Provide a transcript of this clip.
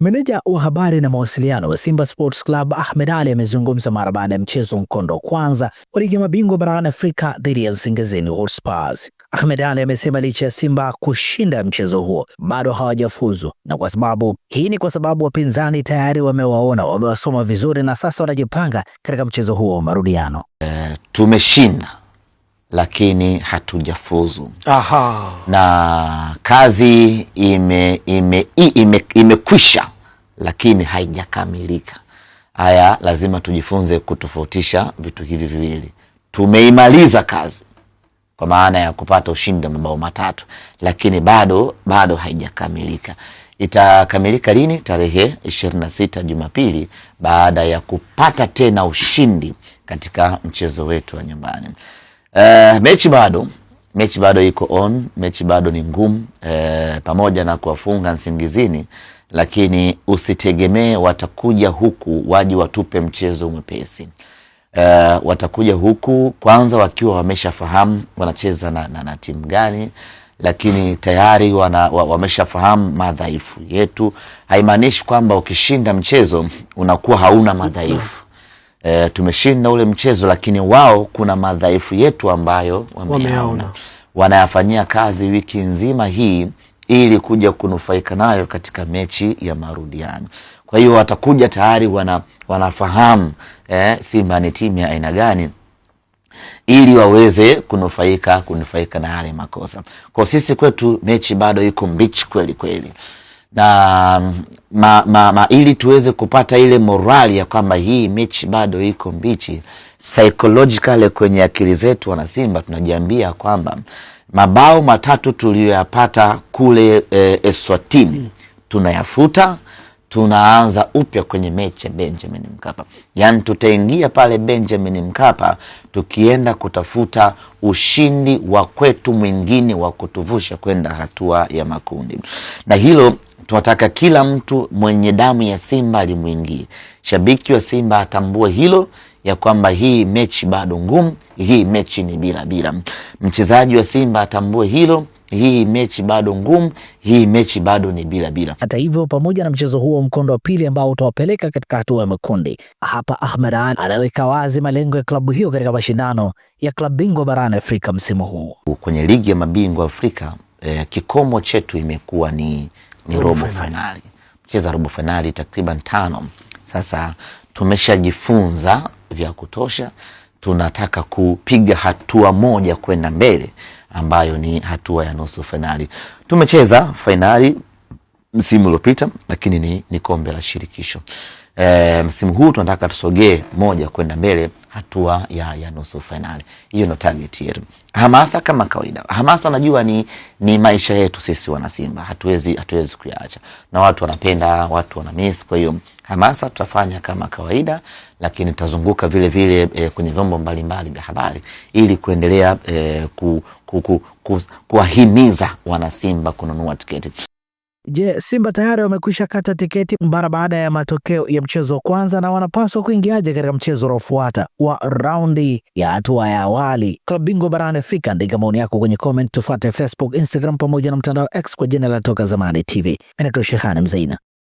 Meneja wa habari na mawasiliano wa Simba Sports Club Ahmed Ali amezungumza mara baada ya mchezo mkondo wa kwanza wa ligi ya mabingwa barani Afrika dhidi ya Nsingizini Hotspurs. Ahmed Ali amesema licha ya Simba kushinda mchezo huo bado hawajafuzu, na kwa sababu hii ni kwa sababu wapinzani tayari wamewaona, wamewasoma vizuri, na sasa wanajipanga katika mchezo huo wa marudiano. Uh, tumeshinda lakini hatujafuzu. Aha. Na kazi imekwisha ime, ime, ime lakini haijakamilika. Haya, lazima tujifunze kutofautisha vitu hivi viwili. Tumeimaliza kazi kwa maana ya kupata ushindi wa mabao matatu, lakini bado bado haijakamilika. Itakamilika lini? Tarehe ishirini na sita Jumapili, baada ya kupata tena ushindi katika mchezo wetu wa nyumbani. Uh, mechi bado mechi bado iko on, mechi bado ni ngumu uh, pamoja na kuwafunga nsingizini, lakini usitegemee watakuja huku waje watupe mchezo mwepesi. Uh, watakuja huku kwanza wakiwa wameshafahamu wanacheza na, na, na timu gani, lakini tayari wana, wameshafahamu madhaifu yetu. Haimaanishi kwamba ukishinda mchezo unakuwa hauna madhaifu e, tumeshinda ule mchezo, lakini wao kuna madhaifu yetu ambayo wameyaona, wanayafanyia kazi wiki nzima hii ili kuja kunufaika nayo katika mechi ya marudiano. Kwa hiyo watakuja tayari wana, wanafahamu eh, Simba ni timu ya aina gani ili waweze kunufaika kunufaika na yale makosa. Kwa sisi kwetu mechi bado iko mbichi kweli kweli na ma, ma, ma, ili tuweze kupata ile morali ya kwamba hii mechi bado iko mbichi psychologically kwenye akili zetu, wanasimba tunajiambia kwamba mabao matatu tuliyoyapata kule e, Eswatini tunayafuta, tunaanza upya kwenye mechi ya Benjamin Mkapa. Yaani tutaingia pale Benjamin Mkapa tukienda kutafuta ushindi wa kwetu mwingine wa kutuvusha kwenda hatua ya makundi, na hilo tunataka kila mtu mwenye damu ya Simba alimwingie. Shabiki wa Simba atambue hilo ya kwamba hii mechi bado ngumu, hii mechi ni bilabila. Mchezaji wa Simba atambue hilo, hii mechi bado ngumu, hii mechi bado ni bila. Hata hivyo, pamoja na mchezo huo mkondo wa pili ambao utawapeleka katika hatua ya makundi, hapa Ahmed Ally anaweka wazi malengo ya klabu hiyo katika mashindano ya klabu bingwa barani Afrika msimu huu. Kwenye ligi ya mabingwa Afrika, eh, kikomo chetu imekuwa ni ni robo fainali, mcheza robo fainali takriban tano. Sasa tumeshajifunza vya kutosha, tunataka kupiga hatua moja kwenda mbele ambayo ni hatua ya nusu fainali. Tumecheza fainali msimu uliopita, lakini ni, ni kombe la shirikisho. E, msimu huu tunataka tusogee moja kwenda mbele hatua ya, ya nusu fainali. Hiyo ndo target yetu. Hamasa kama kawaida, hamasa najua ni, ni maisha yetu sisi Wanasimba, hatuwezi hatuwezi kuyaacha, na watu wanapenda, watu wana miss. Kwa hiyo hamasa tutafanya kama kawaida, lakini tutazunguka vile vile e, kwenye vyombo mbalimbali vya habari ili kuendelea e, ku, ku, ku, ku, kuwahimiza Wanasimba kununua tiketi. Je, Simba tayari wamekwisha kata tiketi mara baada ya matokeo ya mchezo wa kwanza na wanapaswa kuingiaje katika mchezo unaofuata wa raundi ya hatua ya awali klabu bingwa barani Afrika? Andika maoni yako kwenye comment, tufuate Facebook, Instagram pamoja na mtandao X kwa jina la Toka Zamani TV. Mimi ni Shehani Mzaina.